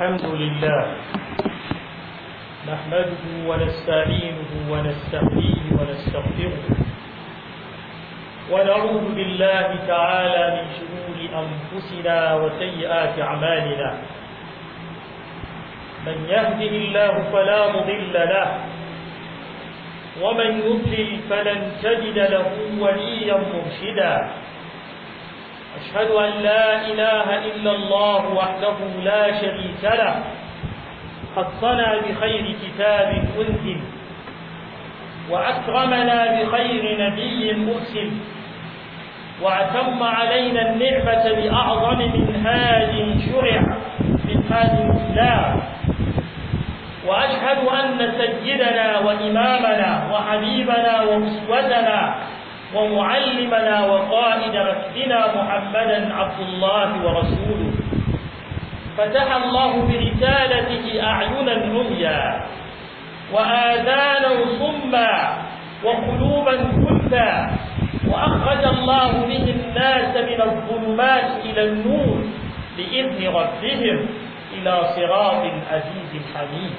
الحمد لله نحمده ونستعينه ونستهديه ونستغفره ونعوذ بالله تعالى من شرور أنفسنا وسيئات أعمالنا من يهده الله فلا مضل له ومن يضلل فلن تجد له وليا مرشدا أشهد أن لا إله إلا الله وحده لا شريك له قد صنع بخير كتاب أنزل وأكرمنا بخير نبي مرسل وأتم علينا النعمة بأعظم منهاج شرع من هذا الإسلام وأشهد أن سيدنا وإمامنا وحبيبنا وأسوتنا ومعلمنا وقائد ركبنا محمدا عبد الله ورسوله فتح الله برسالته أعينا عميا وآذانا صما وقلوبا كلا وأخرج الله به الناس من الظلمات إلى النور بإذن ربهم إلى صراط عزيز حميد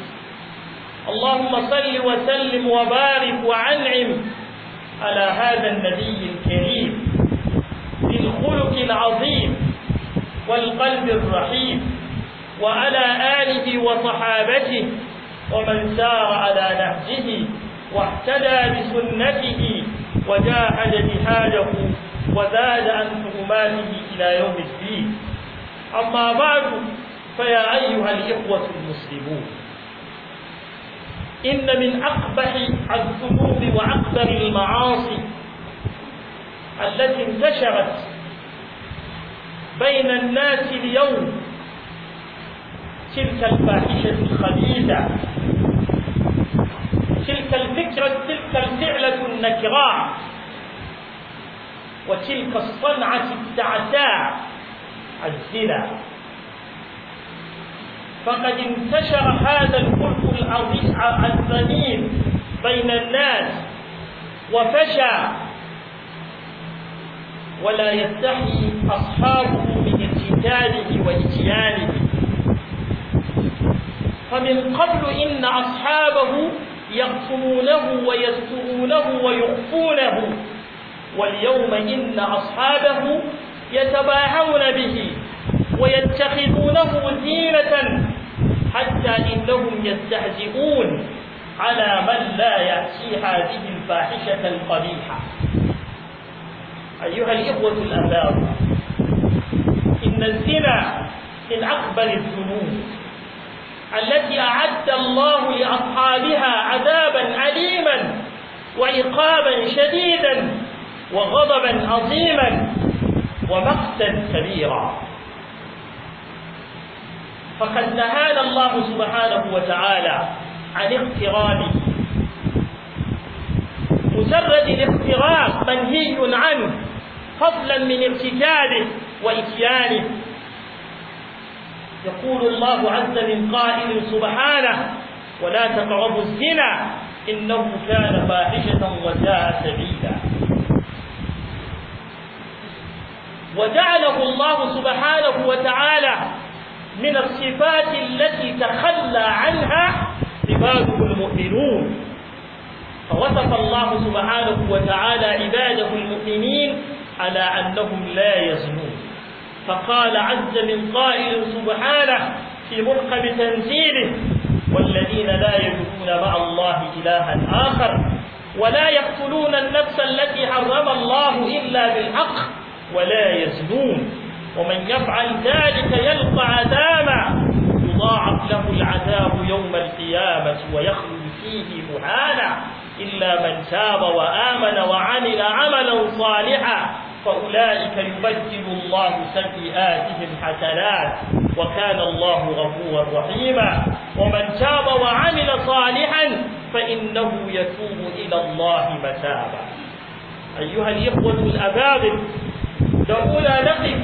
اللهم صل وسلم وبارك وأنعم على هذا النبي الكريم ذي الخلق العظيم والقلب الرحيم وعلى آله وصحابته ومن سار على نهجه واهتدى بسنته وجاهد جهاده وزاد عن حرماته إلى يوم الدين أما بعد فيا أيها الإخوة المسلمون إن من أقبح الذنوب وأكبر المعاصي التي انتشرت بين الناس اليوم تلك الفاحشة الخبيثة تلك الفكرة تلك الفعلة النكراء وتلك الصنعة التعتاع الزنا فقد انتشر هذا الكلف الذميم بين الناس وفشى ولا يستحي أصحابه من ارتداده واجتيانه فمن قبل إن أصحابه يقصمونه ويسترونه ويخفونه واليوم إن أصحابه يتباهون به ويتخذونه زينة حتى إنهم يستهزئون على من لا يأتي هذه الفاحشة القبيحة أيها الإخوة الأباء إن الزنا من أكبر الذنوب التي أعد الله لأصحابها عذابا أليما وعقابا شديدا وغضبا عظيما ومقتا كبيرا فقد نهانا الله سبحانه وتعالى عن اقترابه مجرد الاقتراب منهي عنه فضلا من ارتكابه واتيانه يقول الله عز من قائل سبحانه ولا تقربوا الزنا انه كان فاحشه وساء سبيلا وجعله الله سبحانه وتعالى من الصفات التي تخلى عنها عباده المؤمنون فوصف الله سبحانه وتعالى عباده المؤمنين على أنهم لا يزنون فقال عز من قائل سبحانه في مرقب تنزيله والذين لا يدعون مع الله إلها آخر ولا يقتلون النفس التي حرم الله إلا بالحق ولا يزنون ومن يفعل ذلك يلقى عذابا يضاعف له العذاب يوم القيامة ويخلد فيه مهانا إلا من تاب وآمن وعمل عملا صالحا فأولئك يبدل الله سيئاتهم حسنات وكان الله غفورا رحيما ومن تاب وعمل صالحا فإنه يتوب إلى الله متابا أيها الإخوة الأبابل دعونا نقف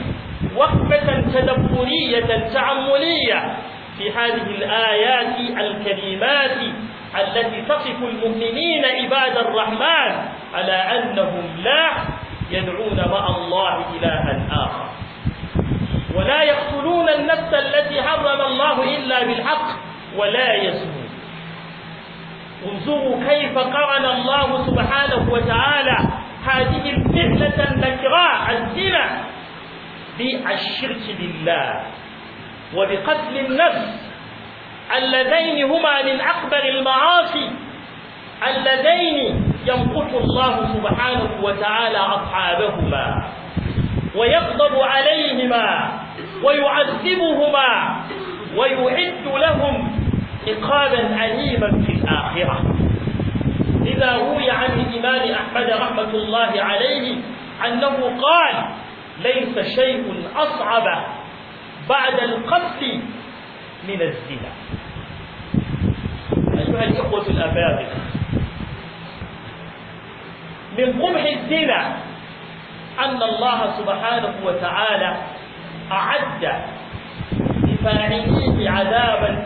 وقفة تدبرية تعملية في هذه الآيات الكريمات التي تصف المؤمنين عباد الرحمن على أنهم لا يدعون مع الله إلها آخر ولا يقتلون النفس التي حرم الله إلا بالحق ولا يزنون انظروا كيف قرن الله سبحانه وتعالى هذه الفتنة النكراء الزنا بالشرك بالله وبقتل النفس اللذين هما من أكبر المعاصي اللذين ينقص الله سبحانه وتعالى أصحابهما ويغضب عليهما ويعذبهما ويعد لهم عقابا أليما في الآخرة إذا روي عن الإمام أحمد رحمة الله عليه أنه قال ليس شيء أصعب بعد القتل من الزنا أيها الإخوة الأفاضل من قبح الزنا أن الله سبحانه وتعالى أعد لفاعليه عذابا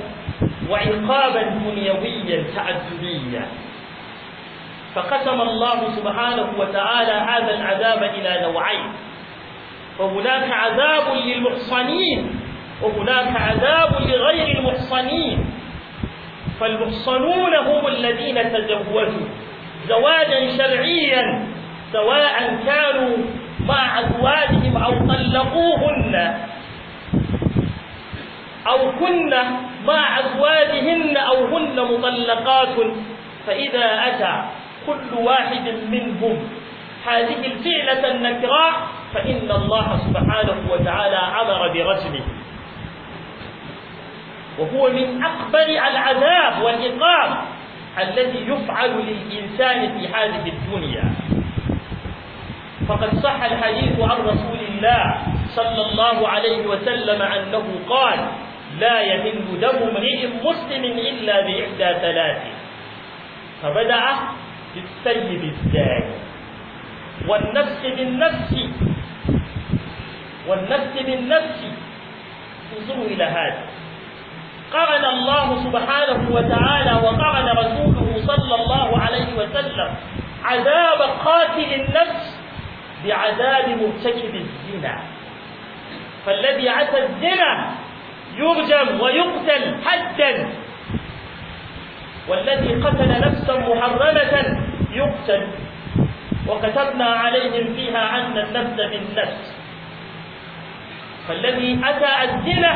وعقابا دنيويا تعذبيا فقسم الله سبحانه وتعالى هذا العذاب إلى نوعين وهناك عذاب للمحصنين وهناك عذاب لغير المحصنين فالمحصنون هم الذين تزوجوا زواجا شرعيا سواء كانوا مع أزواجهم أو طلقوهن أو كن مع أزواجهن أو هن مطلقات فإذا أتى كل واحد منهم هذه الفعلة النكراء فإن الله سبحانه وتعالى أمر برجمه وهو من أكبر العذاب والعقاب الذي يفعل للإنسان في هذه الدنيا فقد صح الحديث عن رسول الله صلى الله عليه وسلم أنه قال لا يهل دم امرئ مسلم إلا بإحدى ثلاث فبدأ بالسيد الزاني والنفس بالنفس والنفس بالنفس انظروا إلى هذا قرن الله سبحانه وتعالى وقرن رسوله صلى الله عليه وسلم عذاب قاتل النفس بعذاب مرتكب الزنا فالذي عتى الزنا يرجم ويقتل حدا والذي قتل نفسا محرمة يقتل وكتبنا عليهم فيها أن النفس نفس فالذي أتى الزنا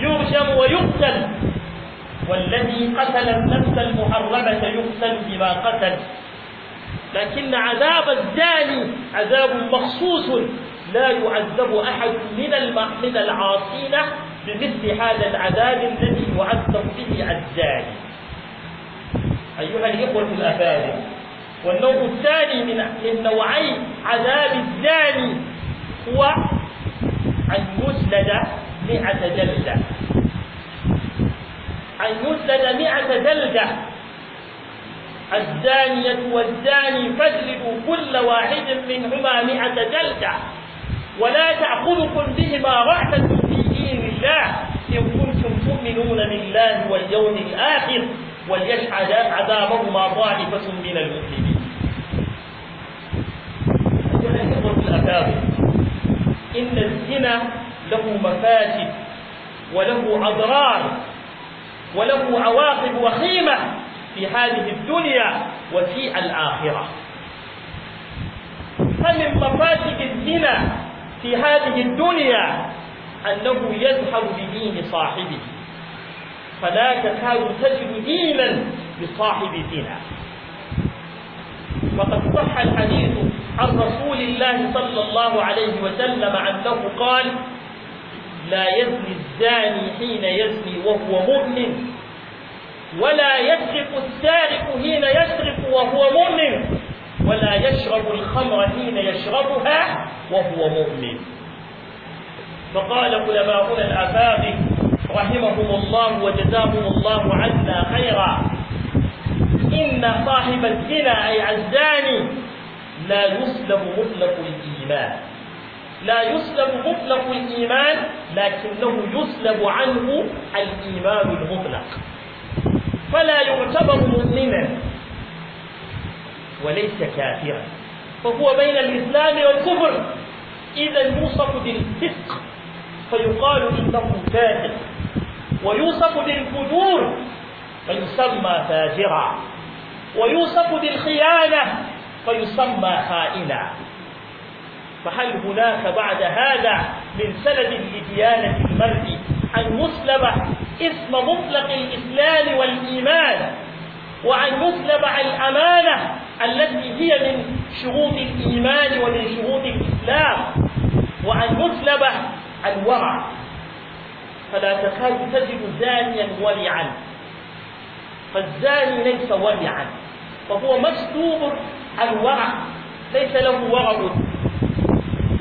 يرجم ويقتل والذي قتل النفس المحرمة يقتل بما قتل لكن عذاب الزاني عذاب مخصوص لا يعذب أحد من المحمد العاصين بمثل هذا العذاب الذي يعذب به الزاني أيها الإخوة الأفارقة والنوع الثاني من من نوعي عذاب الزاني هو أن يسلد مئة جلدة أن يسلد مئة جلدة الزانية والزاني فاجلدوا كل واحد منهما مئة جلدة ولا تأخذكم بهما رحمة في دين الله إن كنتم تؤمنون بالله واليوم الآخر وليشهد عذابهما طائفة من المسلمين أيها الإخوة الأكابر إن الزنا له مفاسد وله أضرار وله عواقب وخيمة في هذه الدنيا وفي الآخرة فمن مفاسد الزنا في هذه الدنيا أنه يذهب بدين صاحبه فلا تكاد تجد دينا لصاحب دينا وقد صح الحديث عن رسول الله صلى الله عليه وسلم انه قال لا يزني الزاني حين يزني وهو مؤمن ولا يسرق السارق حين يسرق وهو مؤمن ولا يشرب الخمر حين يشربها وهو مؤمن فقال علماؤنا الافاق رحمهم الله وجزاهم الله عنا خيرا إن صاحب الزنا أي الزاني لا يسلب مطلق الإيمان لا يسلب مطلق الإيمان لكنه يسلب عنه الإيمان المطلق فلا يعتبر مؤمنا وليس كافرا فهو بين الإسلام والكفر إذا يوصف بالفسق فيقال إنه كافر ويوصف بالفجور فيسمى فاجرا ويوصف بالخيانة فيسمى خائنا فهل هناك بعد هذا من سند لديانة المرء أن يسلب اسم مطلق الإسلام والإيمان وأن يسلب الأمانة التي هي من شروط الإيمان ومن شروط الإسلام وأن يسلب الورع فلا تكاد تجد زانيا ولعا فالزاني ليس ولعا فهو مستور الورع ليس له ورع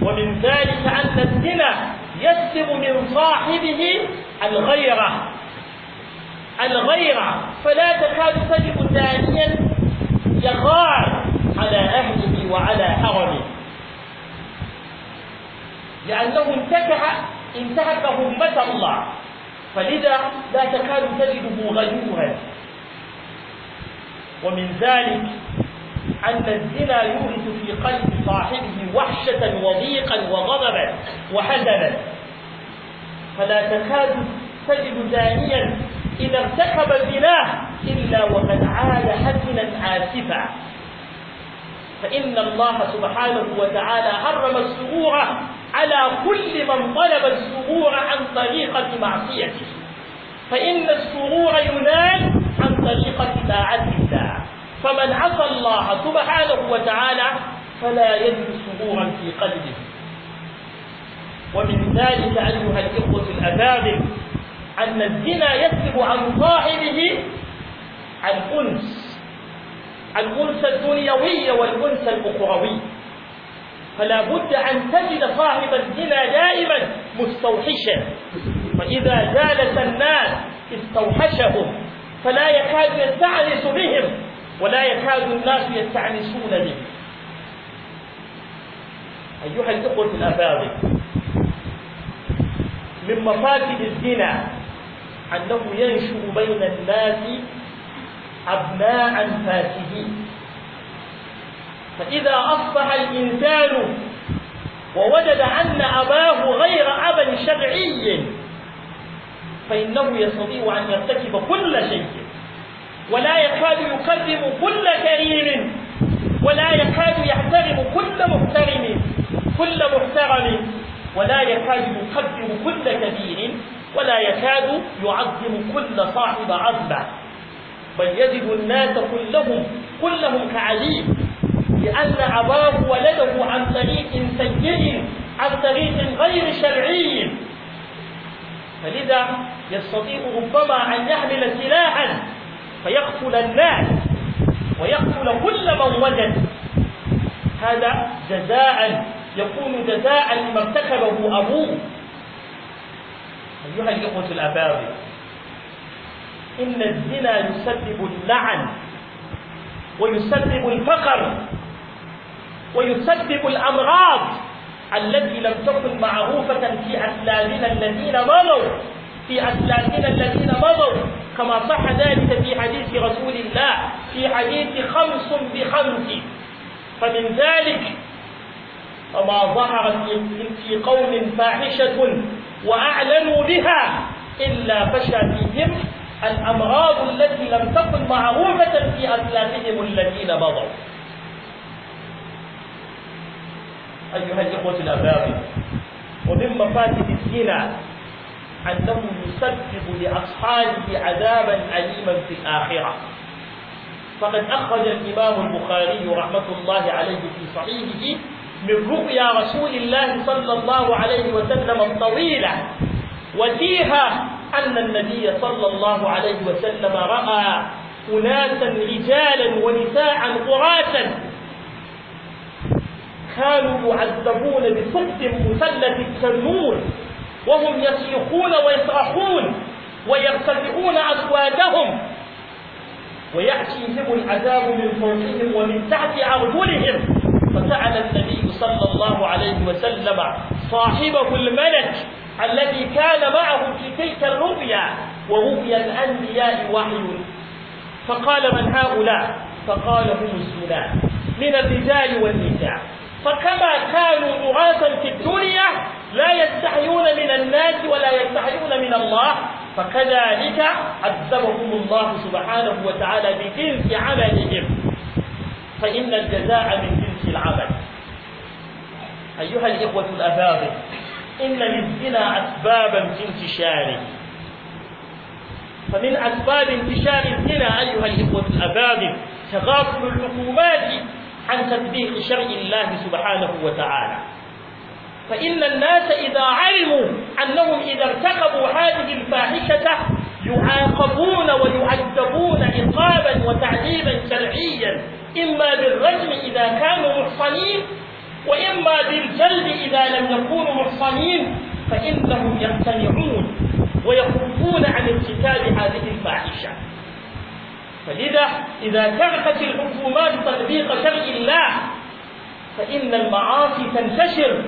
ومن ذلك أن الزنا يسلب من صاحبه الغيرة الغيرة فلا تكاد تجد زانيا يغار على أهله وعلى حرمه لأنه انتكع انتهك همة الله فلذا لا تكاد تجده غدوها ومن ذلك أن الزنا يورث في قلب صاحبه وحشة وضيقا وغضبا وحزنا فلا تكاد تجد زانيا إذا ارتكب الزنا إلا وقد عاد حزنا آسفا فإن الله سبحانه وتعالى حرم السرور على كل من طلب السرور عن طريقة معصيته فإن السرور ينال عن طريقة طاعة الله فمن عصى الله سبحانه وتعالى فلا يجد سرورا في قلبه ومن ذلك أيها الإخوة الأكابر أن الزنا يسلب عن صاحبه الأنس الأنس الدنيوية والأنس الأخروية فلا بد أن تجد صاحب الزنا دائما مستوحشا واذا جالس الناس استوحشهم فلا يكاد يستعنس بهم ولا يكاد الناس يستعنسون به أيها الإخوة الأفاضل من مفاسد الزنا أنه ينشر بين الناس أبناء فاسدين فإذا أصبح الإنسان ووجد أن أباه غير أب شرعي فإنه يستطيع أن يرتكب كل شيء ولا يكاد يكذب كل كريم ولا يكاد يحترم كل محترم كل محترم ولا يكاد يقدم كل كبير ولا يكاد يعظم كل صاحب عظمه بل يجد الناس كلهم كلهم كعليم لأن أباه ولده عن طريق سيء عن طريق غير شرعي فلذا يستطيع ربما أن يحمل سلاحا فيقتل الناس ويقتل كل من وجد هذا جزاء يكون جزاء لما ارتكبه أبوه أيها الإخوة الأباوي إن الزنا يسبب اللعن ويسبب الفقر ويسبب الأمراض التي لم تكن معروفة في أسلافنا الذين مضوا في أسلافنا الذين مضوا كما صح ذلك في حديث رسول الله في حديث خمس بخمس فمن ذلك فما ظهرت في قوم فاحشة وأعلنوا بها إلا فشى فيهم الأمراض التي لم تكن معروفة في أسلافهم الذين مضوا أيها الإخوة الأفاضل ومن مفاتن الزنا أنه يسبب لأصحابه عذابا أليما في الآخرة فقد أخرج الإمام البخاري رحمة الله عليه في صحيحه من رؤيا رسول الله صلى الله عليه وسلم الطويلة وفيها أن النبي صلى الله عليه وسلم رأى أناسا رجالا ونساء قراشا كانوا يعذبون بسقف مثلث التنور وهم يصيحون ويصرخون ويرتفعون أصواتهم ويأتيهم العذاب من فوقهم ومن تحت أرجلهم فسأل النبي صلى الله عليه وسلم صاحبه الملك الذي كان معه في تلك الرؤيا ورؤيا الأنبياء وحي فقال من هؤلاء فقال هم الزناد من الرجال والنساء فكما كانوا عراة في الدنيا لا يستحيون من الناس ولا يستحيون من الله فكذلك عذبهم الله سبحانه وتعالى بجنس عملهم فإن الجزاء من جنس العمل أيها الإخوة الأفاضل إن للزنا أسبابا في انتشاره فمن أسباب انتشار الزنا أيها الإخوة الأفاضل تغافل الحكومات عن تطبيق شرع الله سبحانه وتعالى فإن الناس إذا علموا أنهم إذا ارتكبوا هذه الفاحشة يعاقبون ويعذبون عقابا وتعذيبا شرعيا إما بالرجم إذا كانوا محصنين وإما بالجلد إذا لم يكونوا محصنين فإنهم يقتنعون ويخفون عن ارتكاب هذه الفاحشة فلذا إذا كرهت الحكومات تطبيق شرع الله فإن المعاصي تنتشر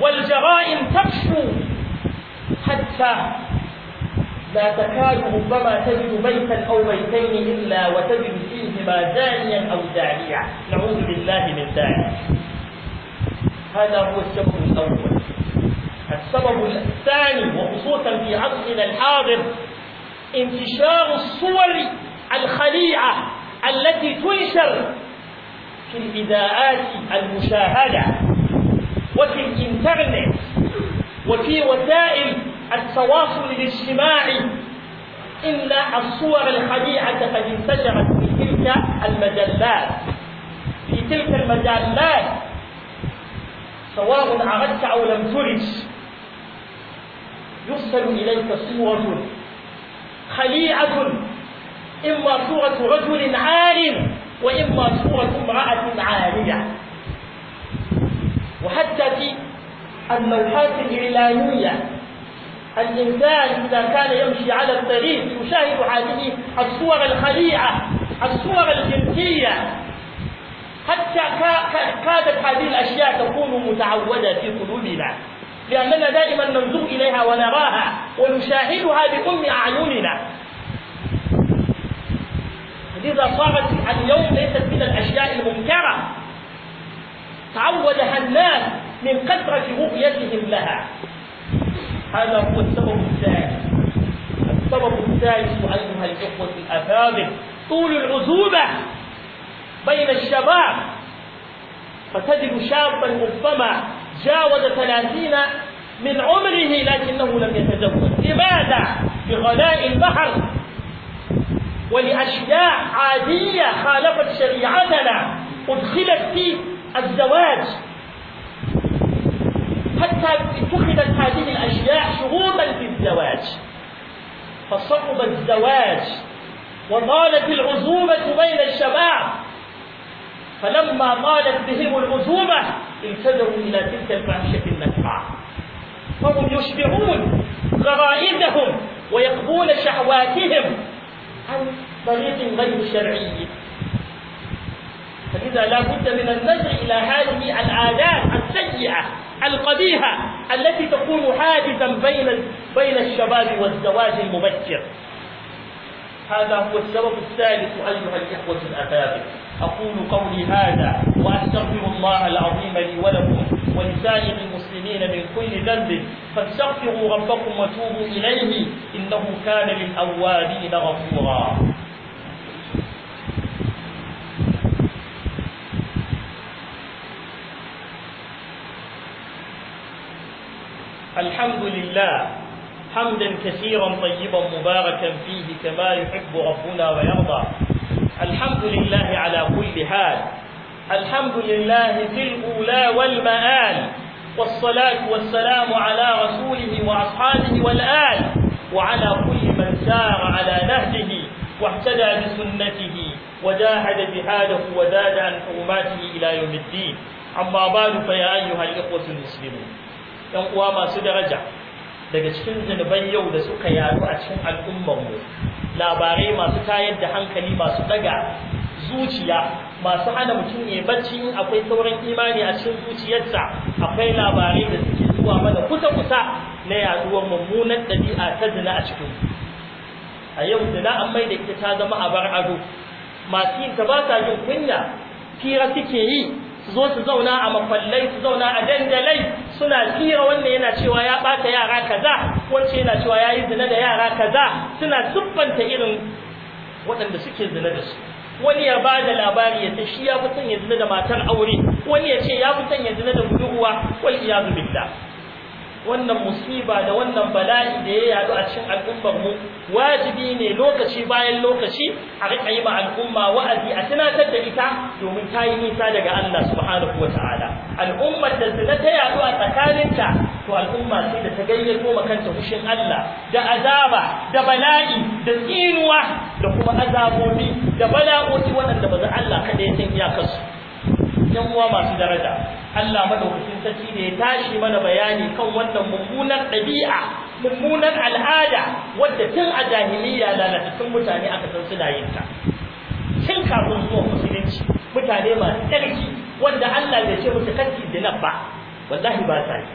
والجرائم تفشو حتى لا تكاد ربما تجد بيتا أو بيتين إلا وتجد فيهما داعيا أو داعية نعوذ بالله من ذلك هذا هو السبب الأول السبب الثاني وخصوصا في عصرنا الحاضر انتشار الصور الخليعة التي تنشر في الإذاعات المشاهدة وفي الإنترنت وفي وسائل التواصل الاجتماعي إن الصور الخليعة قد انتشرت في تلك المجلات في تلك المجلات سواء أردت أو لم ترد يرسل إليك صورة خليعة إما صورة رجل عالم وإما صورة امرأة عالية وحتى في اللوحات الإعلانية الإنسان إذا كان يمشي على الطريق يشاهد هذه الصور الخليعة الصور الجنسية حتى كادت هذه الأشياء تكون متعودة في قلوبنا لأننا دائما ننظر إليها ونراها ونشاهدها بأم أعيننا لذا صارت اليوم ليست من الأشياء المنكرة تعودها الناس من كثرة رؤيتهم لها هذا هو السبب الثاني السبب الثالث أيها الإخوة الأفاضل طول العزوبة بين الشباب فتجد شابا ربما جاوز ثلاثين من عمره لكنه لم يتزوج لماذا؟ بغلاء البحر ولأشياء عادية خالفت شريعتنا أدخلت في الزواج حتى اتخذت هذه الأشياء شروطا في الزواج فصعب الزواج وطالت العزوبة بين الشباب فلما طالت بهم العزوبة التجأوا إلى تلك الفاحشة النكراء فهم يشبعون غرائزهم ويقضون شهواتهم عن طريق غير شرعي فلذا لا بد من النظر إلى هذه العادات السيئة القبيحة التي تكون حادثا بين بين الشباب والزواج المبكر هذا هو السبب الثالث أيها الإخوة الأفاضل أقول قولي هذا وأستغفر الله العظيم لي ولكم ولسائر المسلمين من كل ذنب فاستغفروا ربكم وتوبوا إليه إنه كان للأوابين غفورا الحمد لله حمدا كثيرا طيبا مباركا فيه كما يحب ربنا ويرضى الحمد لله على كل حال الحمد لله في الأولى والمآل والصلاة والسلام على رسوله وأصحابه والآل وعلى كل من سار على نهجه واهتدى بسنته وجاهد جهاده وزاد عن حرماته إلى يوم الدين أما بعد فيا أيها الإخوة المسلمون يوم قوامة سدرجة daga cikin zunuban yau da suka yaru a cikin al'ummanmu labarai masu tayar da hankali masu daga zuciya masu hana mutum ya bacci in akwai sauran imani a cikin zuciyarsa akwai labarai da suke zuwa mana kusa-kusa na yaduwar mummunan ɗabi'a ta zina a cikin a yau zina an mai da ita ta zama a bar ado masu yin ta ba sa yin kunya fira suke yi su zo su zauna a makwallai su zauna a dandalai suna tsira wanda yana cewa ya ɓata yara kaza wacce yana cewa ya yi zina da yara kaza suna siffanta irin waɗanda suke zina da su wani ya ba da labari ya ce shi ya fi son ya zina da matar aure wani ya ce ya fi son ya zina da budurwa wal iyazu billah wannan musiba da wannan bala'i da ya yadu a cikin al'ummar mu wajibi ne lokaci bayan lokaci a riƙa yi ma al'umma wa'azi a tunatar da ita domin ta yi nisa daga Allah subhanahu ta'ala al'ummar da zina ta yadu a tsakaninta to al'umma sai da ta gayyato ma kanta fushin Allah da azaba da bala'i da tsinuwa da kuma azabobi da bala'o'i waɗanda ba za Allah kaɗai ya san iyakarsu yan uwa masu daraja Allah madaukakin sarki da ya tashi mana bayani kan wannan mummunar ɗabi'a mummunar al'ada wadda tun a jahiliya lalatattun mutane aka san suna yin ta tun kafin zuwa musulunci mutane masu tsarki wanda Allah bai ce musu kanki dinar ba wallahi ba sa yi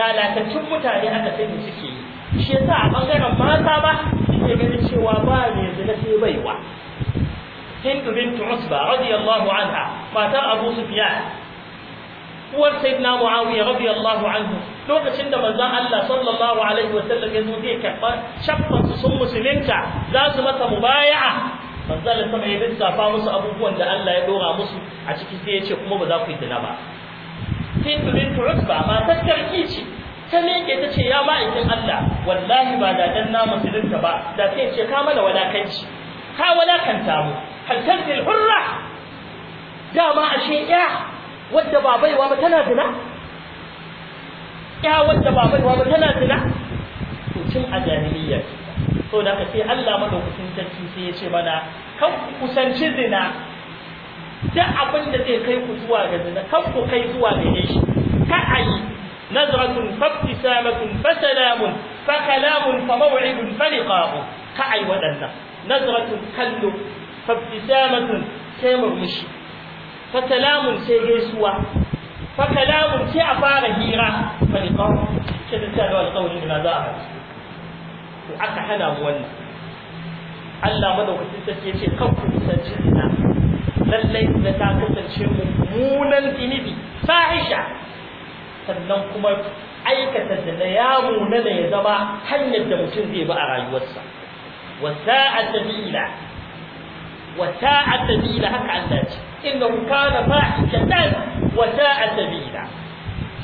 lalatattun mutane aka sani suke yi shi yasa a bangaren mata ba suke ganin cewa ba mai zina sai baiwa هند بنت عتبة رضي الله عنها Abu أبو uwar sayyidina muawiya radiyallahu anhu lokacin da manzon Allah sallallahu alaihi wasallam ya zo zai karɓa shaffan su sun musulunta za su mu mubaya'a manzon Allah sama ya lissafa musu abubuwan da Allah ya ɗora musu a ciki sai ya ce kuma ba za ku yi zina ba Hindu bint ba matar sarki ce ta miƙe ta ce ya ma'aikin Allah wallahi ba da dan na musulunta ba da sai ce ka mana walakanci ka walakanta mu hal hurra dama ashe ya wadda ba baiwa ba tana zina ya wadda ba baiwa ba tana zina to cin a jahiliya so da ka sai Allah madaukakin sarki sai ya ce mana kan ku kusanci zina duk abin da zai kai ku zuwa ga zina kan ku kai zuwa ga shi ka ayi نظرة فابتسامة فسلام فكلام فموعد فلقاء كأي ودنا نظرة كل فابتسامة كمرمشي fa sai gaisuwa fa sai a fara hira fa liqam ce da ta da alƙawari da za a to aka hana mu wannan Allah madaukakin sarki yace kan ku kusanci zina lallai da ta kasance mummunan inibi fahisha sannan kuma aikata na ya muna da ya zama hanyar da mutum zai bi a rayuwarsa a sabila وساء سبيلا هكا عندك انه كان فاحشة وساء سبيلا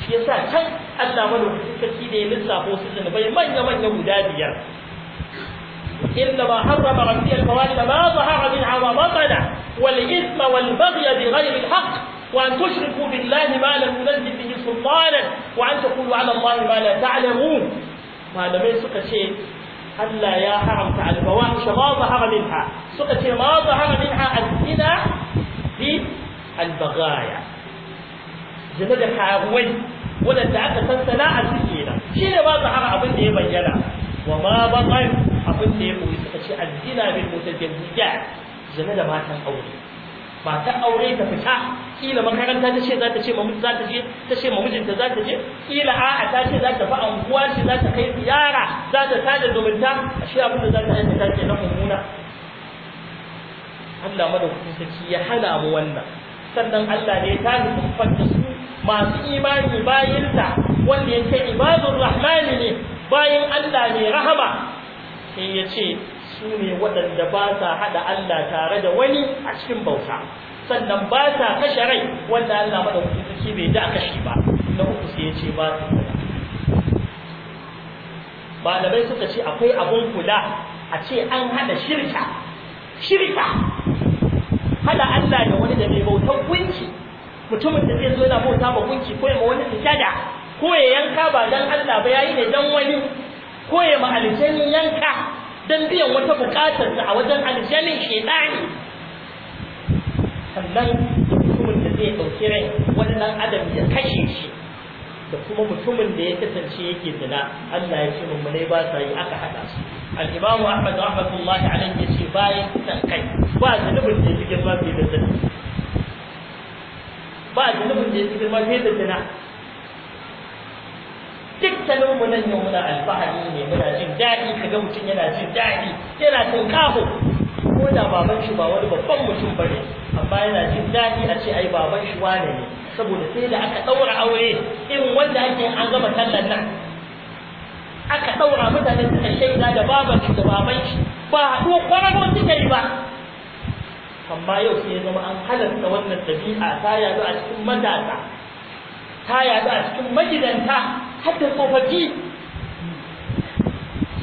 sa'a sabila الله yasa can Allah madaukakin sarki da ya lissafo su zunubai manya حرم ربي الفواحش ما ظهر منها ما بطن والإثم والبغي بغير الحق وأن تشركوا بالله ما لم ينزل به سلطانا وأن تقولوا على الله ما لا تعلمون ما لم يسك شيء حل يا حرم تعالى الفواحش ما ظهر منها سقط ما ظهر منها الزنا في البغايا زنا الحاغوين ولا تعبت تنسنا الزنا شين ما ظهر أبن دي بيلا وما بطن عبد دي بيسقط الزنا بالمتجمزيات زنا ما تنقوله ba ta aure ta fita kila makaranta ta ce za ta ce ma za ta je ta ce ma mijinta za ta je kila a'a ta ce za ta fa anguwa shi, za ta kai ziyara za ta tada zumunta shi abin da za ta aikata ke na mummuna Allah madaukakin sarki ya hana mu wannan sannan Allah ne ta nufi fanta su masu imani bayinsa wanda yake ibadur rahmani ne bayin Allah ne rahama sai ya ce su ne waɗanda ba sa haɗa Allah tare da wani a cikin bauta sannan ba sa kashe rai wanda Allah da sarki bai da kashe ba na uku sai ya ce ba su malamai suka ce akwai abun kula a ce an haɗa shirka shirka haɗa Allah da wani da mai bautar gunki mutumin da zai zo yana bauta ba gunki ko ya ma wani sujada ko ya yanka ba dan Allah ba yayi ne dan wani ko ya ma yanka dan biyan wata bukatar a wajen aljanin shedani sannan mutumin da zai ɗauki rai wannan adam ya kashe shi da kuma mutumin da ya kasance yake zina Allah ya ce mummunai ba sa yi aka haɗa su al-imamu ahmad rahmatullahi alayhi ce bayan kisan kai ba zunubin da yake girma fiye da zina ba zunubin da yake girma fiye da zina salon mu nan yau muna alfahari ne muna jin daɗi kaga mutum yana jin daɗi yana cin kaho ko da baban shi ba wani babban mutum ba ne amma yana jin daɗi a ce ai baban shi wane ne saboda sai da aka ɗaura aure irin wanda ake an gama tallan nan aka ɗaura mutane suka shaida da baban shi da baban shi ba haɗuwar kwararwa suka yi ba amma yau sai ya zama an halarta wannan ɗabi'a. ta yaɗu a cikin matasa ta yaɗu a cikin magidanta hatta tsofaffi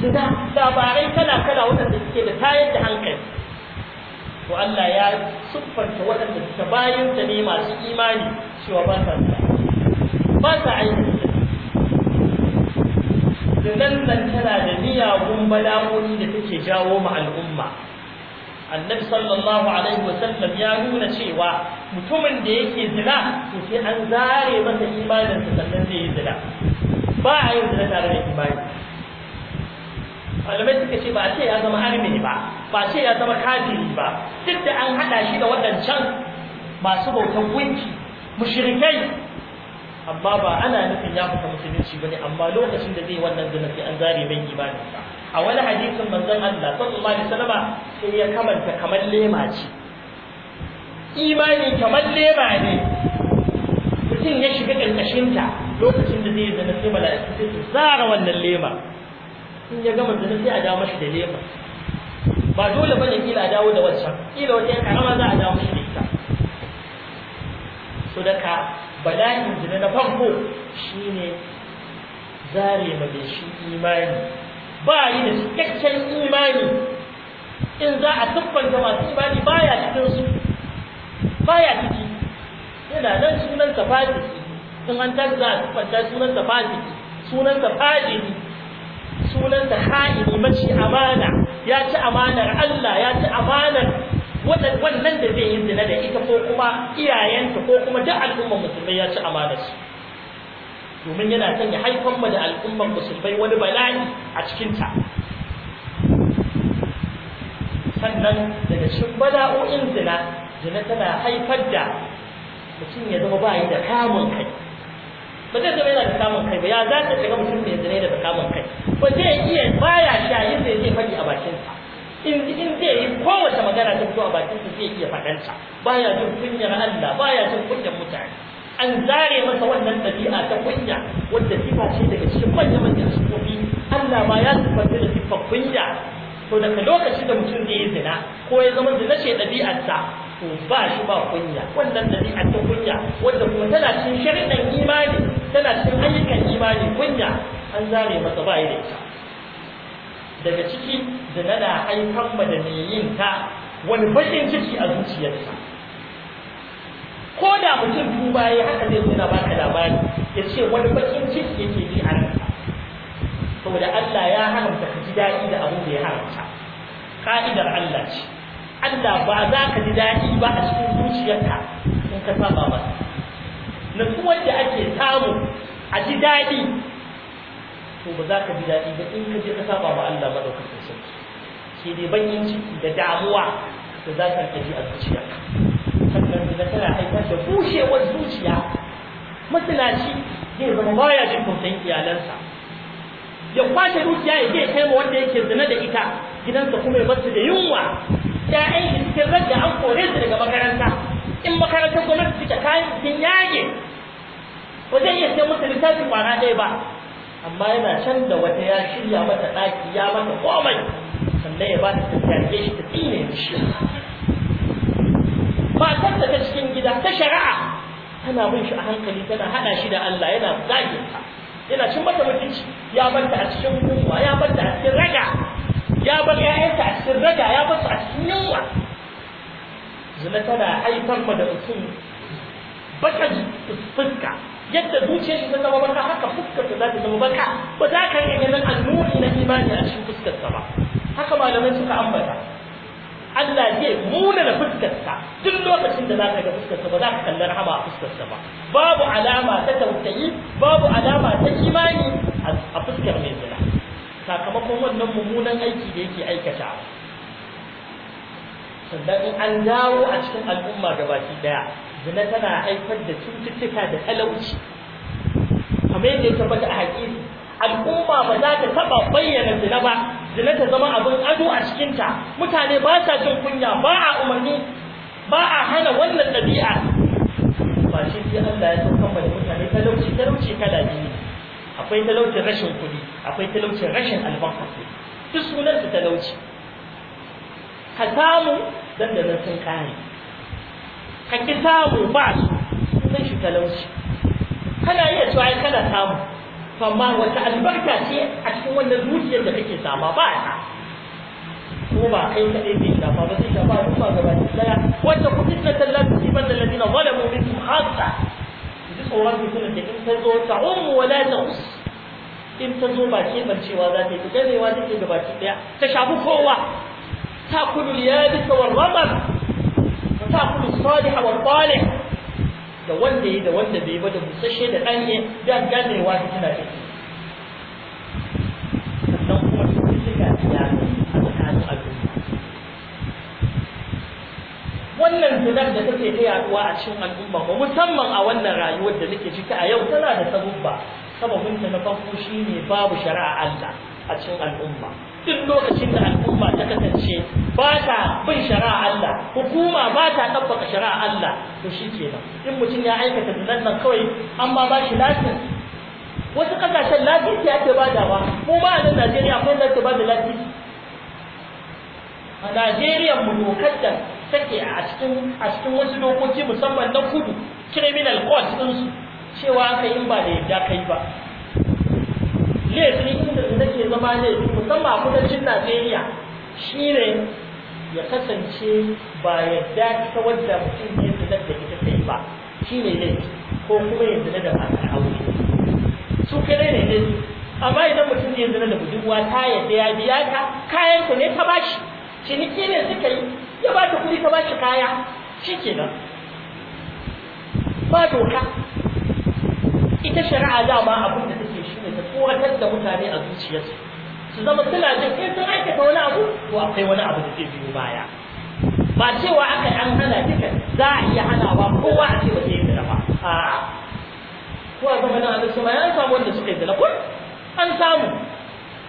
su da labarai kala kala waɗanda suke da tayar da hankali to Allah ya siffanta waɗanda suka bayan da ne masu imani cewa ba sa ba sa aiki da nan tana da miyagun balamoni da take jawo ma al'umma annabi sallallahu alaihi wasallam ya nuna cewa mutumin da yake zina to sai an zare masa imaninsa sannan zai yi zina ba a yin na tare da imani malamai suka ce ba a ce ya zama harmini ba ba a ce ya zama kafiri ba duk da an haɗa shi da waɗancan masu bautan gunki mushrikai amma ba ana nufin ya fita musulunci bane amma lokacin da zai wannan zina sai an zare mai imani a wani hadisin manzon Allah sallallahu alaihi wasallam sai ya kamanta kamar lema ce imani kamar lema ne mutum ya shiga ƙarƙashinta lokacin da zai zana sai mala'iku sai su zara wannan lema in ya gama zana sai a dawo mashi da lema ba dole bane kila a dawo da wancan kila wata karama za a dawo mashi da ita so daga bala'in zina na farko shine zare ma da shi imani ba yi da cikakken imani in za a tabbata masu imani baya cikin su baya ciki yana nan sunan tafasiri in an tashi za a siffanta sunansa fasiki sunansa fajiri ha'ini mace amana ya ci amanar Allah ya ci amanar wannan da zai yi zina da ita ko kuma iyayenta ko kuma duk al'ummar musulmai ya ci amanar su domin yana son ya haifar mu da al'ummar musulmai wani bala'i a cikinta sannan daga cikin bala'o'in zina zina tana haifar da mutum ya zama ba da kamun kai ba zai zama yana da kamun kai ba ya za ta shiga mutum mai zane da kamun kai ba zai iya baya sha yadda zai faɗi a bakinsa in in zai yi kowace magana ta fito a bakinsa zai iya faɗanta baya jin kunyar Allah baya jin kunyar mutane an zare masa wannan ɗabi'a ta kunya wadda sifa ce daga cikin manyan manyan sifofi Allah baya ya sifanta da sifar kunya to daga lokacin da mutum zai yi zina ko ya zama zina ce ɗabi'arsa ba shi ba kunya wannan ɗabi'ar ta kunya wadda kuma tana cikin shari'ar imani tana cikin ayyukan imani kunya an zare masa ba da ita daga ciki da na haifar ma da mai yin ta wani bashin ciki a zuciyarsa ko da mutum tuba ya haka zai ba baka labari ya ce wani bashin ciki yake ji a nan da Allah ya haramta ka ji daɗi da abin da ya haramta ka'idar Allah ce Allah ba za ka ji daɗi ba a cikin zuciyarka in ka saba masa nutsuwar wanda ake samu a ji daɗi to ba za ka ji daɗi ba in ka je ka saba wa Allah madaukakin sarki sai dai bakin ciki da damuwa da za ka ji a zuciya sannan da tana haifar da bushewar zuciya masalaci zai zama baya jin kusan iyalansa ya kwace dukiya ya je kai wanda yake zina da ita gidansa kuma ya mace da yunwa yayan shi cikin da an kore su daga makaranta in makarantar gwamnati suka kayan sun yage ba zai iya sai musu littafin kwana ɗaya ba amma yana can da wata ya shirya mata ɗaki ya mata komai sannan ya ba ta tafiya shi ta tsine mishi matarsa ta cikin gida ta shari'a tana bin shi a hankali tana haɗa shi da Allah yana zagin yana cin mata mutunci ya ta a cikin kunwa ya ta a cikin raga ya bar ta a cikin raga ya bar ta a cikin yunwa zina tana haifar ma da mutum baka fuska yadda zuciyar shi ta zama baka haka fuskar ta za ta zama baka ba za ka yi ganin annuri na imani a cikin fuskar ta ba haka malamai suka ambata Allah zai muna da fuskarsa duk lokacin da za ka ga fuskarsa ba za ka kalli rahama a fuskarsa ba babu alama ta tausayi babu alama ta imani a fuskar mai zina sakamakon wannan mummunan aiki da yake aikata sannan in an dawo a cikin al'umma gabaki daya zina tana haifar da cututtuka da talauci kamar yadda ya tabbata a haƙiƙi al'umma ba za ta taɓa bayyana zina ba zina ta zama abin ado a cikinta mutane ba sa jin kunya ba a umarni ba a hana wannan ɗabi'a ba shi sai Allah ya sauka mai mutane talauci talauci kala biyu akwai talaucin rashin kuɗi akwai talaucin rashin albarkatu, duk sunan su talauci ka samu dandanan sun kare ka ki samu ba su sunan shi talauci kana iya cewa kana samu amma wata albarka ce a cikin wannan zuciyar da kake sama ba ya. Kuma ba kai kaɗai zai shafa ba zai shafa duk ba gaba daya wanda ku fitna tallafi fi ban da ladina zalamu min su hasa ji tsoron fitna da in ta zo ta ummu wala ta us in ta zo ba ke bancewa za ta yi ganewa take gaba ki daya ta shafi kowa ta kulu liyadika wal ramar ta kulu salih wal talih da wanda yi da wanda bai ba da busashe da ɗanye dan ganewa ta tana ciki sannan kuma cututtuka da yaro a tsakanin al'umma wannan zinar da take ta yaduwa a cikin al'umma ba musamman a wannan rayuwar da nake ciki a yau tana da sabubba sababin ta na farko shine babu shari'a Allah a cikin al'umma duk lokacin da al'umma ta kasance ba ta bin shari'a Allah hukuma ba ta tabbaka shari'a Allah to shi kenan in mutum ya aikata zinan nan kawai an ma ba shi lasin wasu kasashen lafiya ake badawa mu ma a nan Najeriya akwai da ba da lafiya a Najeriya mu dokar da take a cikin a cikin wasu dokoki musamman na kudu criminal court din su cewa aka yi ba da yadda kai ba laifi inda da zama laifi musamman a kudancin najeriya shi ne ya kasance ba yadda ta wadda mutum ne zinar da ita ta yi ba shi ne laifi ko kuma ya zina da masu aure su kare ne ne amma idan mutum ne zina da budurwa ta yadda ya biya ta kayan ku ne ta bashi ciniki ne suka yi ya ba ta kuɗi ta bashi kaya shi ke nan. ba doka ita shari'a dama abin da tsoratar da mutane a zuciyarsu su zama suna jin in sun aikata wani abu ko akwai wani abu da ke biyo baya ba cewa aka an hana tiket za a iya hanawa kowa a ce ba zai yi ba a'a ko a zama na alisa an samu wanda suka yi zalafun an samu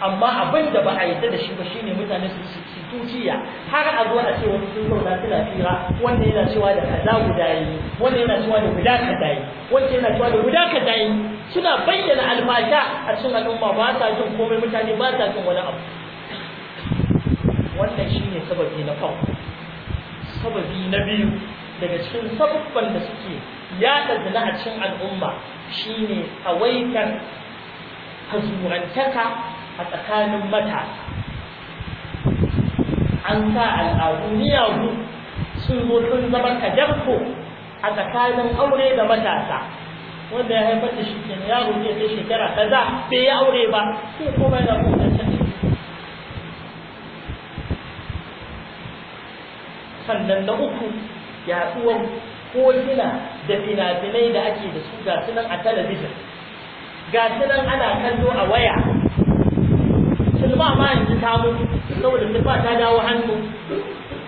amma abin da ba a yarda da shi ba shine mutane su ci tuciya har a zo a ce wani sun zauna suna fira wanda yana cewa da kaza guda yi wanda yana cewa da guda kaza yi wanda yana cewa da guda kaza yi suna bayyana alfasha a cikin al'umma ba sa jin komai mutane ba sa jin wani abu wannan shine sababi na farko sababi na biyu daga cikin sababban da suke yaɗa zina a cikin al'umma shine kawaitar hazurantaka a tsakanin matasa an sa al'adu miyagu sun zo sun zama kajarko a tsakanin aure da matasa wanda ya haifar da shi kenan yaro zai ta shekara za bai yi aure ba sai kuma yana kuma sannan na uku ko kogina da fina-finai da ake da su ga sunan a talabijin ga sunan ana kallo a waya ba ma yanzu ta mu saboda ba ta dawo hannu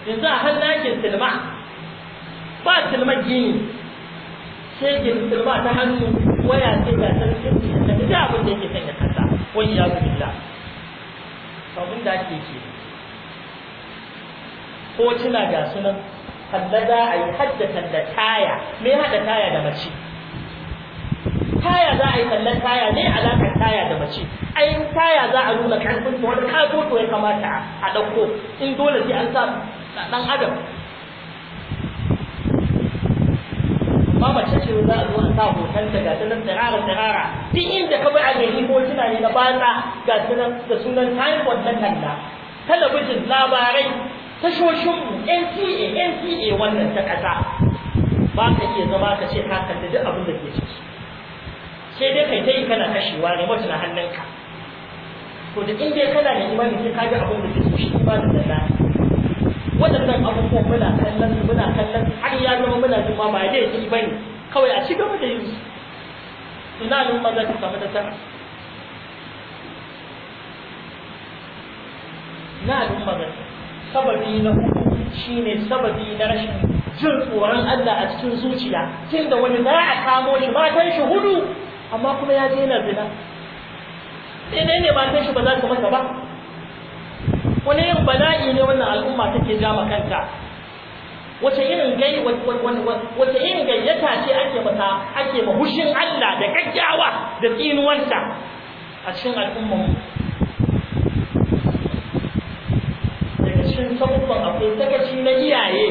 yanzu a hannakin tilma ba tilma gini sai gini tilma ta hannu waya ce ga san cikin da ta abin da yake sanya kasa wani ya zubi la abin da ake ke ko tuna ga sunan kallada a yi hadda da taya me hada taya da mace Taya za a yi kallon taya ne alakar taya da mace ai in kaya za a nuna karfin ta wani kago to ya kamata a ɗauko in dole sai an sa ɗan adam amma mace ce za a zo a sa hoton ta ga sunan tsirara tsirara tun inda ka bi a gari suna ne na bata ga sunan da sunan taimakon na talla talabijin labarai tashoshinmu NTA NTA wannan ta ƙasa ba ka iya zama ka ce ka kalli duk abin da ke ciki sai dai kai ta yi kana kashewa ne mutu na hannunka to da in dai kana da imani sai ka ga abin da kake shi imanin da zaka waɗannan abubuwan muna kallon su muna kallon su har ya zama muna jin ma ba dai yi bane kawai a cigaba da yin su tunanin maza ka samu nasara na al'umma gaskiya sababi na hudu shine sababi na rashin jin tsoron Allah a cikin zuciya tunda wani za a kamo shi matan shi hudu amma kuma ya je yana zina sai dai ne ba ta shi ba za ka masa ba wani yin bala'i ne wannan al'umma take ja kanta wace irin gai wace irin gayyata ce ake mata ake mahushin Allah da gaggawa da tsinuwanta a cikin al'ummar daga cikin sabubban akwai sakaci na iyaye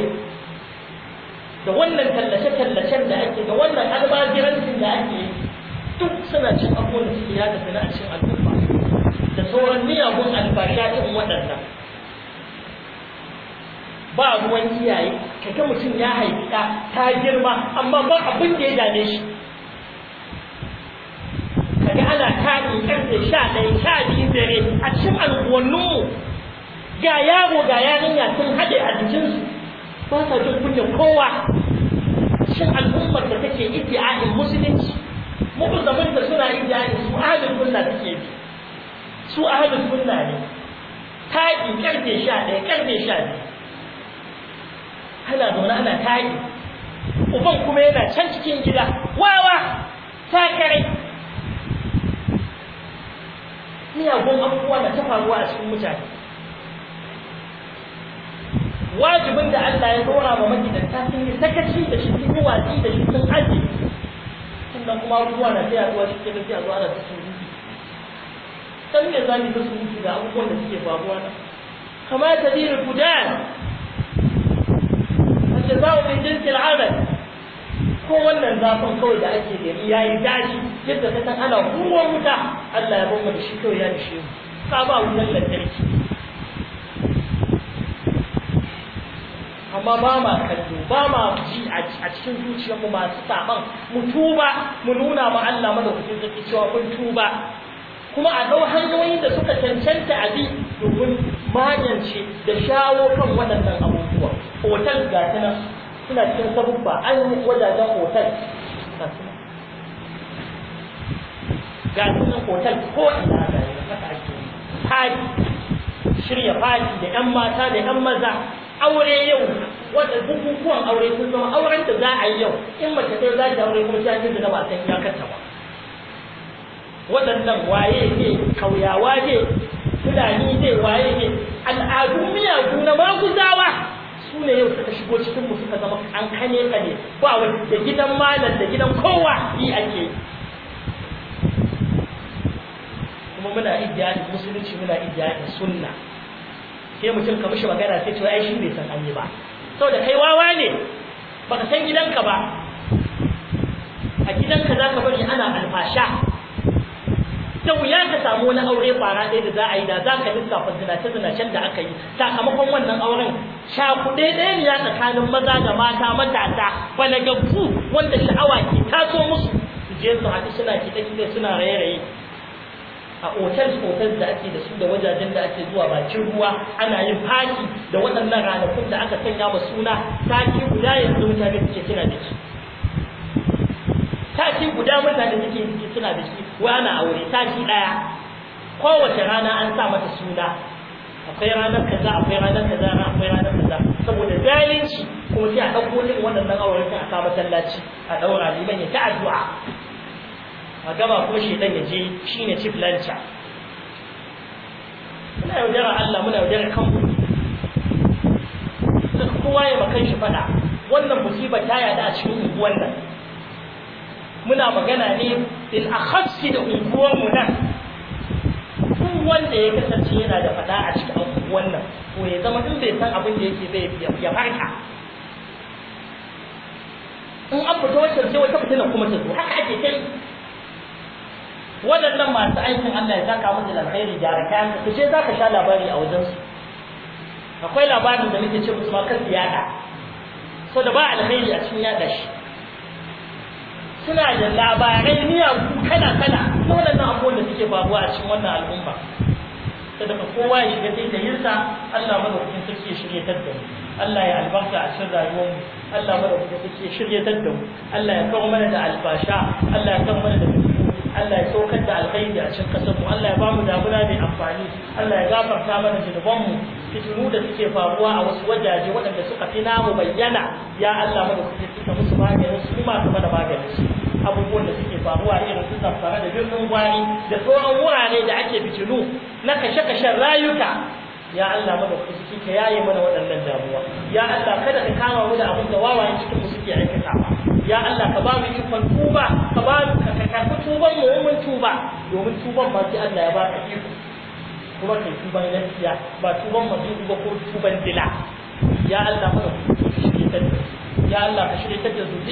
da wannan tallace-tallacen da ake da wannan almajirancin da ake yi duk suna cin abubuwan da suke a cin al'umma da sauran miyagun albasha irin waɗannan ba ruwan iyaye kake mutum ya haifi ɗa ta girma amma ba abin da ya dame shi kaga ana kari karfe sha ɗaya sha biyu dare a cikin al'uwanninmu ga yaro ga yarinya sun haɗe a jikinsu ba sa jin kunya kowa cin al'ummar da take ibti'a'in musulunci su ahlus sunna ne taƙi karfe sha ɗaya karfe sha biyu ana zaune ana taƙi uban kuma yana can cikin gida wawa sakarai miyagun abubuwa na ta faruwa a cikin mutane wajibin da Allah ya dora wa magidanta sun yi sakaci da shi sun yi watsi da shi sun aji sannan kuma abubuwa na ta yaduwa cikin da ta yaduwa da cikin dan me zamu ta surutu da abubuwan da suke faruwa na kama tadiru gudan الجزاء من جنس العمل ko wannan zafin kawai da ake gari ya yi daji yadda ta san ana ruwan wuta Allah ya bamba da shi kawai ya nishe mu ka ba wutar lantarki amma ba ma kallo ba ma ji a cikin zuciyarmu masu saban mu tuba mu nuna ma Allah madaukakin sarki cewa mun tuba kuma a ga hanyoyin da suka cancanta a bi domin magance da shawo kan waɗannan abubuwa hotel ga ta nan suna cikin sabubba an yi wajajen hotel ga nan hotel ko ina ga haka ake shirya fadi da yan mata da yan maza aure yau wadda bukukuwan aure sun zama auren da za a yi yau in mace ta za ta aure kuma ta da ba san iyakar ta ba waɗannan waye ne kauyawa ne fulani ne waye ne al'adun miyagu na maguzawa su ne yau suka shigo cikin mu suka zama an kane ne. ba wani da gidan malam da gidan kowa yi ake kuma muna ijtihadin musulunci muna yi sunna sai mutum ka mishi magana sai cewa ai shi bai san an yi ba saboda kai wawa ne baka san gidanka ba a gidanka za ka bari ana alfasha ta wuya ka samu wani aure fara ɗaya da za a yi da za ka fa zinace zinacen da aka yi sakamakon wannan auren cakuɗe ɗaya ne ya tsakanin maza da mata matasa balagaggu wanda sha'awa ke taso musu su je su haɗu suna kiɗe-kiɗe suna raye-raye a otel-otel da ake da su da wajajen da ake zuwa bakin ruwa ana yin faki da waɗannan ranakun da aka sanya wa suna taki guda yanzu mutane suke suna shi. sati guda mutane suke suna da shi. wai ana aure sati ɗaya kowace rana an sa mata suna akwai ranar kaza akwai ranar kaza akwai ranar kaza saboda zalunci kuma sai a ɗauko irin waɗannan auren a sa masallaci a ɗaura liman ya ta addu'a a gaba kuma shedan ya je shine chief lancer muna yaudara Allah muna yaudara kanmu duk kowa ya makan shi fada wannan musibar ta yada a cikin unguwan nan muna magana ne in a akhassi da unguwarmu nan duk wanda ya kasance yana da fada a cikin unguwar nan to ya zama in bai san abin da yake bai ya farka in an fita wacce sai wata fitina kuma ta zo haka ake kai waɗannan masu aikin Allah ya saka musu da alkhairi da rakayan ce za ka sha labari a wajen su akwai labarin da muke ce musu ma kan yada so da ba alkhairi a cikin yada shi suna da labarai miyagu kala kala dole na abubuwan da suke faruwa a cikin wannan al'umma sadaka kowa ya shiga dai da yinsa Allah madaukakin sarki ya shirye da mu Allah ya albarka a cikin rayuwar mu Allah madaukakin sarki ya shirye da mu Allah ya kawo mana da albasha Allah ya kawo mana da Allah ya saukar da alkhairi a cikin kasar mu Allah ya bamu damuna mai amfani Allah ya gafarta mana zunuban mu fitinu da suke faruwa a wasu wajaje waɗanda suka fi namu bayyana ya Allah mana kuke suka musu maganin su ma kuma da maganin su abubuwan da suke faruwa irin su zamfara da birnin gwari da tsohon wurare da ake fitinu na kashe-kashen rayuka ya Allah madaukaki ka yaye mana waɗannan damuwa ya Allah kada ka kama mu da abin da wawayen cikin mu suke aikata. ya Allah ka ba mu ikon tuba ka ba mu ka karbi tuban mu mun tuba domin tuban ba sai Allah ya ba ka iko kuma kai tuban lafiya ba tuban mu ba ko tuban dila ya Allah ka shi ta ya Allah ka shirya da mu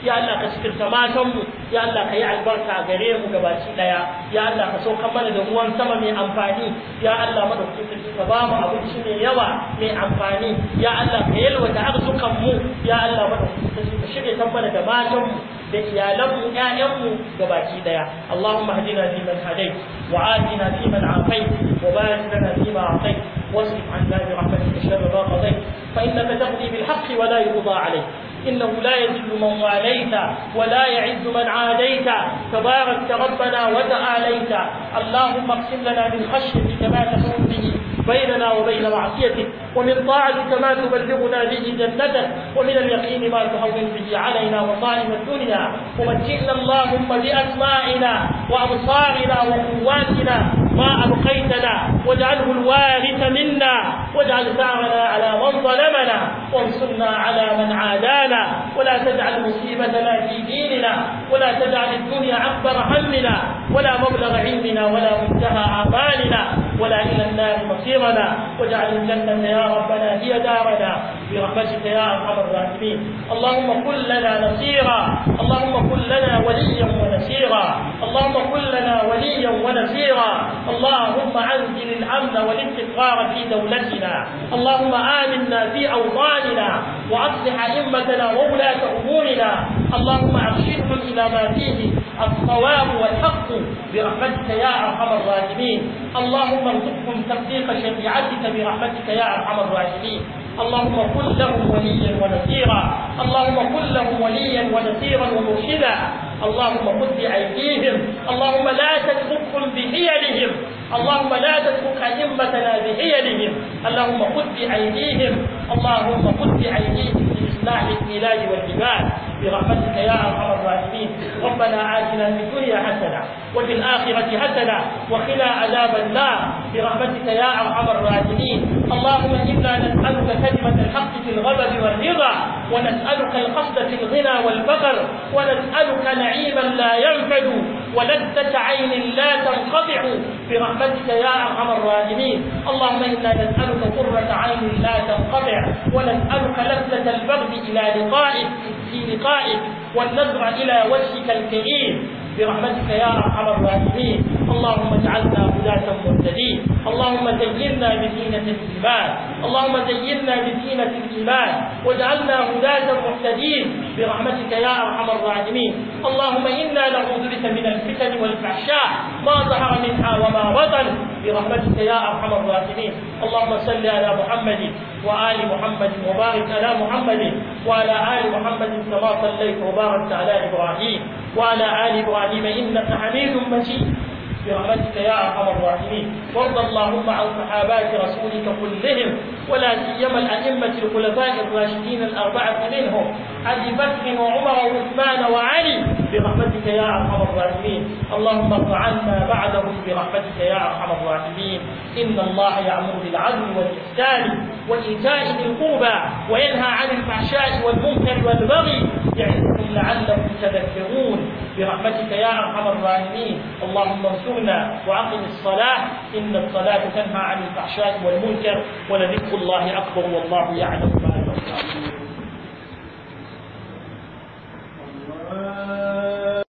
ya Allah ka shirya mu ya Allah ka yi albarka a gare mu gabaci daya ya Allah ka sauka mana da ruwan sama mai amfani ya Allah madaukakin sarki ka ba mu abinci mai yawa mai amfani ya Allah ka yalwata arzukan mu ya Allah madaukakin sarki ka shirya mana da mu da iyalanmu ƴaƴanmu da baki daya Allahumma hadina fi man hadayt wa atina fi man afayt wa barik lana fi ma atayt واصرف عن باب رحمتك شر ما قضيت فإنك تقضي بالحق ولا يرضى عليك إنه لا يذل من واليت ولا يعز من عاديت تباركت ربنا وتعاليت اللهم اقسم لنا من خشيتك ما تحول به بيننا وبين معصيتك ومن طاعتك ما تبلغنا به جنتك ومن اليقين ما تهون به علينا وصائم الدنيا ومتعنا اللهم بأسمائنا وأبصارنا وقواتنا ما أبقيتنا واجعله الوارث منا واجعل ثارنا على من ظلمنا وانصرنا على من عادانا ولا تجعل مصيبتنا في ديننا ولا تجعل الدنيا أكبر همنا ولا مبلغ علمنا ولا منتهى آمالنا ولا إلى النار مصيرنا واجعل الجنة يا ربنا هي دارنا برحمتك يا أرحم الراحمين اللهم كن لنا نصيرا اللهم كن لنا وليا ونصيرا اللهم كن لنا وليا ونصيرا اللهم أنزل الأمن والاستقرار في دولتنا اللهم آمنا في أوطاننا وأصلح أئمتنا وولاة أمورنا اللهم أرشدهم إلى ما فيه الصواب والحق برحمتك يا ارحم الراحمين اللهم ارزقهم تصديق شريعتك برحمتك يا ارحم الراحمين اللهم كن له وليا ونصيرا اللهم كن له وليا ونصيرا ومرشدا اللهم خذ بايديهم اللهم لا تتركهم بحيلهم اللهم لا تترك ائمتنا بحيلهم اللهم خذ بايديهم اللهم خذ بايديهم لاحق البلاد والعباد برحمتك يا ارحم الراحمين ربنا اتنا في الدنيا حسنه وفي الاخره حسنه وقنا عذاب النار برحمتك يا ارحم الراحمين اللهم انا نسالك كلمه الحق في الغضب والرضا ونسالك القصد في الغنى والفقر ونسالك نعيما لا ينفد ولذة عين لا تنقطع برحمتك يا ارحم الراحمين اللهم انا نسالك قرة عين لا تنقطع ونسألك لذة البغض إلى لقائك في لقائك والنظر إلى وجهك الكريم برحمتك يا ارحم الراحمين اللهم اجعلنا هداة مهتدين اللهم زينا بزينة الإيمان اللهم زينا بزينة الإيمان واجعلنا هداة مهتدين برحمتك يا ارحم الراحمين اللهم إنا نعوذ بك من الفتن والفحشاء ما ظهر منها وما بطن برحمتك يا أرحم الراحمين اللهم صل على محمد وآل محمد وبارك على محمد وعلى آل محمد كما صليت وباركت على إبراهيم وعلى آل إبراهيم إنك حميد مجيد برحمتك يا ارحم الراحمين وارض اللهم عن صحابات رسولك كلهم ولا سيما الائمه الخلفاء الراشدين الاربعه منهم أبي بكر وعمر وعثمان وعلي برحمتك يا أرحم الراحمين اللهم ارض عنا بعدهم برحمتك يا أرحم الراحمين إن الله يأمر بالعدل والإحسان وإيتاء ذي القربى وينهى عن الفحشاء والمنكر والبغي يعظكم لعلكم تذكرون برحمتك يا أرحم الراحمين اللهم انصرنا وأقم الصلاة إن الصلاة تنهى عن الفحشاء والمنكر ولذكر الله أكبر والله يعلم ما يفعلون. 嗯。